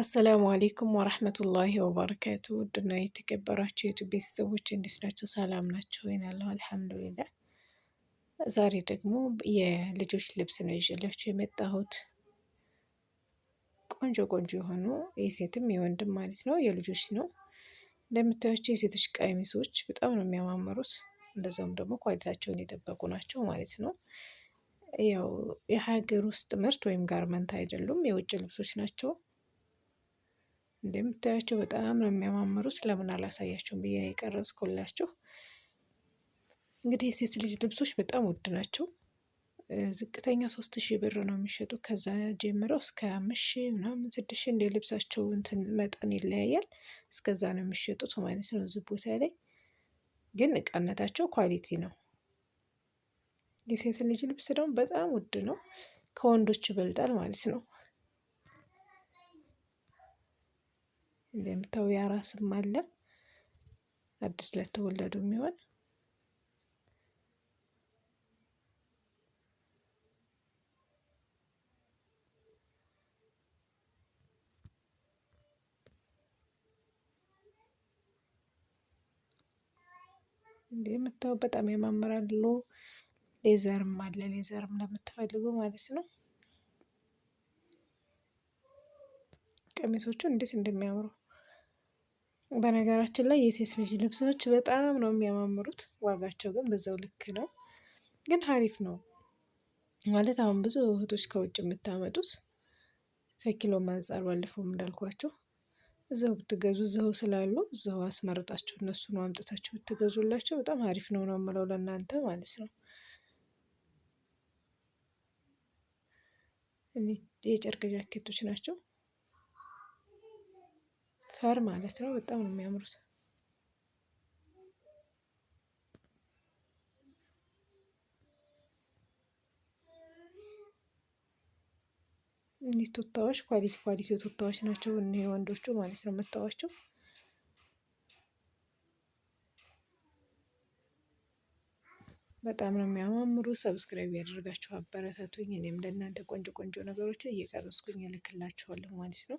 አሰላሙ አሌይኩም ወረህመቱላሂ ወበረካቱ ውድና የተከበራችሁ የቱ ቤተሰቦች እንዴት ናቸው? ሰላም ናቸው ወይናለሁ። አልሐምዱሊላ። ዛሬ ደግሞ የልጆች ልብስ ነው ይዤላቸው የመጣሁት ቆንጆ ቆንጆ የሆኑ የሴትም የወንድም ማለት ነው የልጆች ነው። እንደምታያቸው የሴቶች ቀሚሶች በጣም ነው የሚያማምሩት። እንደዚያውም ደግሞ ኳሊታቸውን የጠበቁ ናቸው ማለት ነው። ያው የሀገር ውስጥ ምርት ወይም ጋርመንት አይደሉም፣ የውጭ ልብሶች ናቸው። እንደምታያቸው በጣም ነው የሚያማምሩት። ለምን አላሳያቸውም ብዬ ነው የቀረጽኩላችሁ። እንግዲህ የሴት ልጅ ልብሶች በጣም ውድ ናቸው። ዝቅተኛ ሶስት ሺህ ብር ነው የሚሸጡ። ከዛ ጀምረው እስከ አምስት ሺህ ምናምን ስድስት ሺህ እንደ ልብሳቸው እንትን መጠን ይለያያል። እስከዛ ነው የሚሸጡት ማለት ነው። እዚህ ቦታ ላይ ግን እቃነታቸው ኳሊቲ ነው። የሴት ልጅ ልብስ ደግሞ በጣም ውድ ነው። ከወንዶች ይበልጣል ማለት ነው። እንደምታው ያራስም አለ አዲስ ለተወለዱ የሚሆን እንደምታው በጣም ያማምራሉ። ሌዘርም አለ። ሌዘርም ለምትፈልጉ ማለት ነው። ቀሚሶቹ እንዴት እንደሚያምሩ በነገራችን ላይ የሴት ልጅ ልብሶች በጣም ነው የሚያማምሩት። ዋጋቸው ግን በዛው ልክ ነው፣ ግን ሀሪፍ ነው ማለት አሁን ብዙ እህቶች ከውጭ የምታመጡት ከኪሎ አንጻር ባለፈውም እንዳልኳቸው እዛው ብትገዙ እዛው ስላሉ እዛው አስመርጣቸው እነሱን አምጥታቸው ብትገዙላቸው በጣም አሪፍ ነው ነው የምለው ለእናንተ ማለት ነው። የጨርቅ ጃኬቶች ናቸው። ፈር ማለት ነው። በጣም ነው የሚያምሩት። እኒህ ቱታዎች ኳሊቲ ኳሊቲ ቱታዎች ናቸው። እኒህ ወንዶቹ ማለት ነው የምታዋቸው በጣም ነው የሚያማምሩ። ሰብስክራይብ ያደርጋችሁ አበረታቱኝ። እኔም ለእናንተ ቆንጆ ቆንጆ ነገሮችን እየቀረስኩኝ እልክላችኋለሁ ማለት ነው።